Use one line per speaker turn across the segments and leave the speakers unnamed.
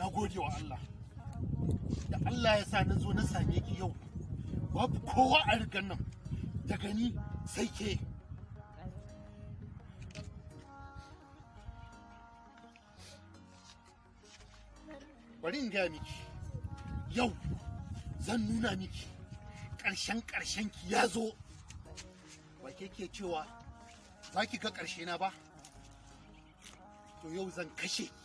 na gode wa Allah da Allah ya sa na zo na same ki yau babu kowa a rigar nan da gani sai ke bari in gaya miki yau zan nuna miki ƙarshen ƙarshen ki ya zo ba ke ke cewa za ki ga ƙarshe na ba to yau zan kashe ki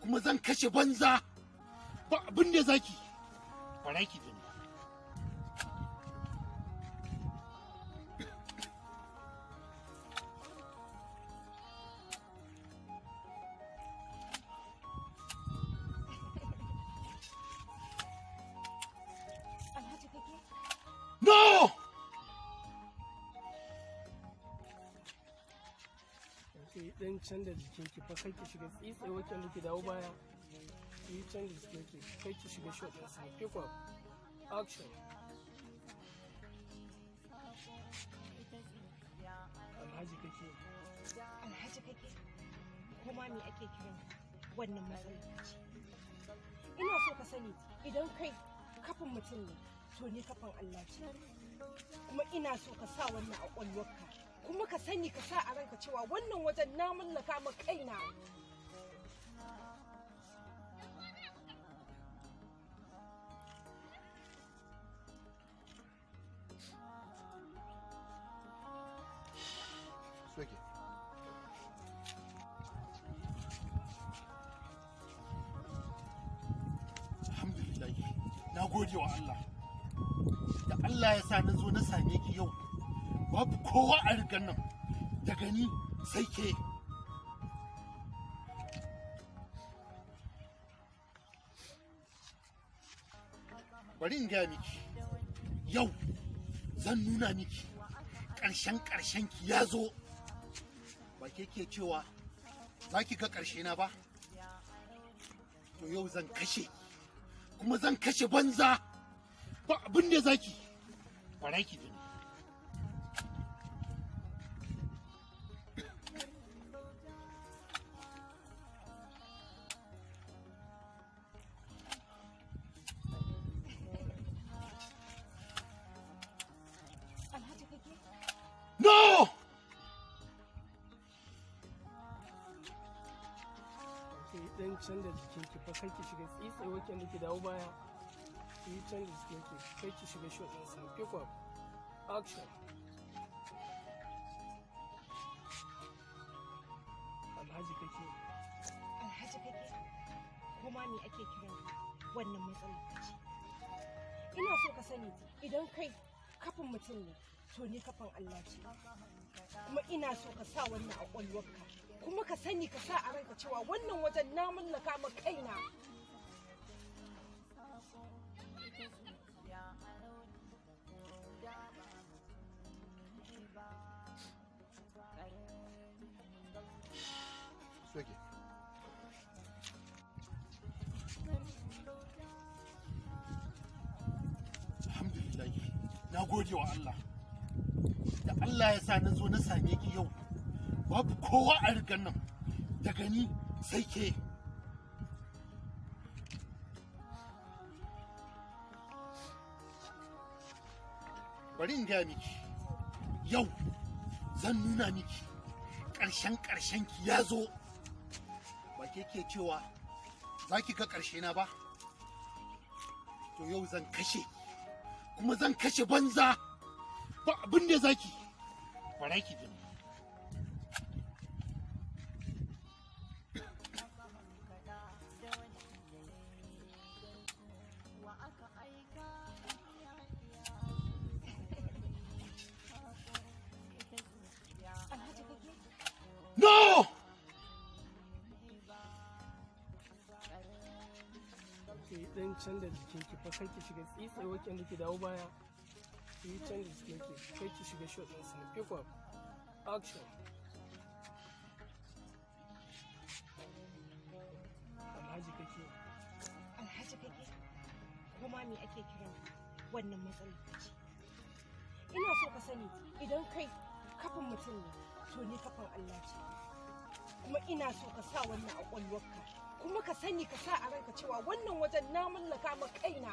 kuma zan kashe banza ba abin da zaki baraki ne
canza jikin ki fa kai ki shiga tsitsewa da ki dawo baya ki canza jikin ki kai ki shiga shot din sa pick up action
alhaji kake alhaji kake kuma me ake kiran wannan matsalaci ina so ka sani idan kai kafin mutum ne to ni kafin Allah ce kuma ina so ka sa wannan a ƙwaƙwalwarka kuma ka sani ka sa a ranka cewa wannan wajen na mallaka ma kaina
na gode wa Allah. Da Allah ya sa na zo na same ki yau. babu kowa a rigar nan daga ni sai ke bari in gaya miki yau zan nuna miki ƙarshen ƙarshen ki ya zo ba ke ke cewa za ki ga ƙarshe na ba to yau zan kashe kuma zan kashe banza ba abin da za ki bara ki
canza jikin ki fa kai ki shiga tsitse wakin da ki dawo baya ki yi canza jikin ki kai ki shiga shot din sa pick up action alhaji
kake alhaji kake kuma me ake kiran wannan matsalar ce ina so ka sani idan kai kafin mutum ne to ni kafan Allah ce kuma ina so ka sa wannan a ƙwaƙwalwarka kuma ka sani ka sa a ranka cewa wannan wajen na mallaka ma kaina
Soke. Alhamdulillah, na gode wa Allah. da Allah ya sa nazo na same ki yau babu kowa a rigar nan daga ni sai ke bari in gaya miki yau zan nuna miki ƙarshen ƙarshen ki ya zo ba ke ke cewa za ki ga ƙarshe na ba to yau zan kashe kuma zan kashe banza ba abin da zaki kwarai ki jin No!
Ki dan canza ki fa ki shiga ki baya. yi canji su yake kai shiga shot ɗin su pick up action
alhaji kuma me ake kiran wannan ce ina so ka sani idan kai kafin mutum ne to ni kafin Allah ce kuma ina so ka sa wannan a kuma ka sani ka sa a ranka cewa wannan wajen na mallaka ma kaina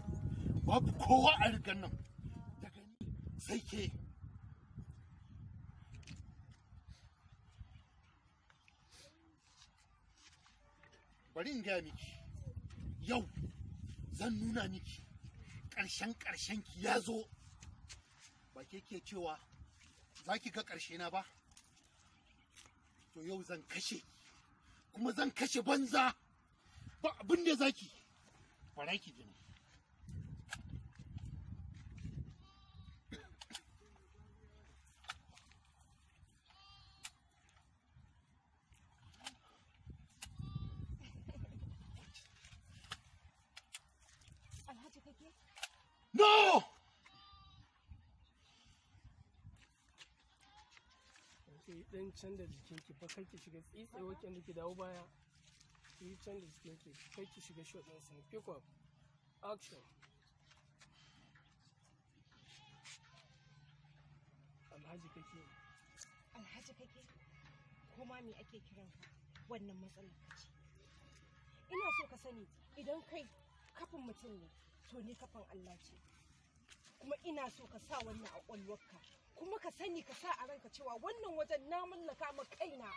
babu kowa a rigar nan daga ni sai ke bari in gaya miki yau zan nuna miki ƙarshen ƙarshen ki ya zo ba ke ke cewa za ki ga ƙarshe na ba to yau zan kashe kuma zan kashe banza ba abin da za ki fara ki jini
ki dan canza jikinki fa kar ki shiga tsitsewa da ki dawo baya ki canza jikinki kar ki shiga shot din sun pick up action alhaji
kake alhaji kake kuma me ake kiran ka wannan matsalar ka ina so ka sani idan kai kafin mutum ne to ni kafin Allah ce kuma ina so ka sa wannan a ƙwaƙwalwarka kuma ka sani ka sa a ranka cewa wannan wajen na mallaka ma kaina na?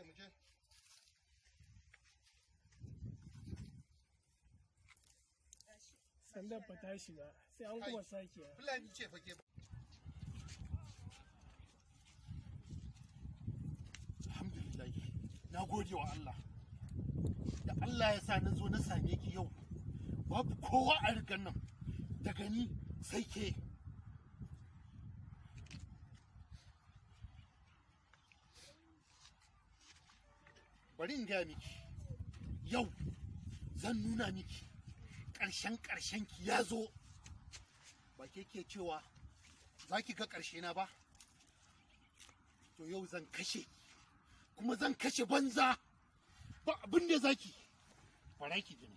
me
sandar ba ta ba sai an kuma sake
na gode wa Allah da Allah ya sa na zo na same ki yau babu kowa a rigan nan daga ni sai ke bari in gaya miki yau zan nuna miki ƙarshen ƙarshen ki ya zo ba ke ke cewa za ki ga ƙarshe na ba to yau zan kashe kuma zan kashe banza ba abin da za ki fara ki gini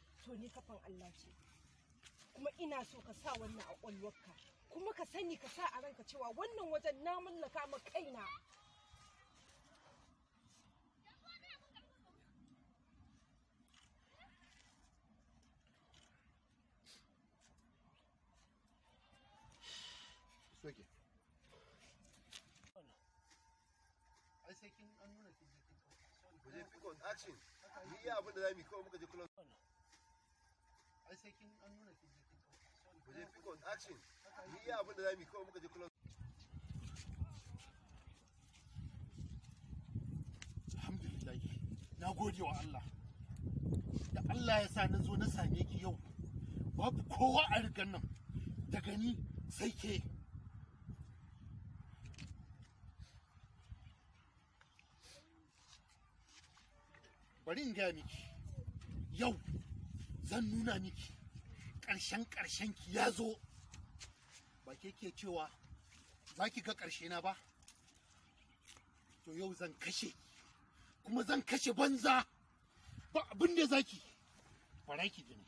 to ni kafan Allah ce kuma ina so ka sa wannan a ƙwaƙwalwarka kuma ka sani ka sa a ranka cewa wannan wajen na mallaka ma kaina
soke ai sai kin an nuna kin je kin action ni abin da zamu yi kawai muka je kula ai sai kin an nuna kin je ku je ni abin da kawai muka je kula alhamdulillah na gode wa Allah da Allah ya sa na zo na same ki yau babu kowa a rigan nan da gani sai ke bari in gaya miki yau zan nuna miki ƙarshen ƙarshen ki ya zo ba ke ke cewa za ki ga ƙarshe na ba to yau zan kashe kuma zan kashe banza ba abin da zaki fara ki gani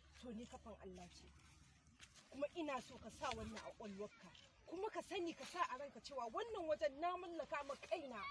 to ni kafan Allah ce kuma ina so ka sa wannan a ƙwaƙwalwarka kuma ka sani ka sa a ranka cewa wannan wajen na mallaka ma kaina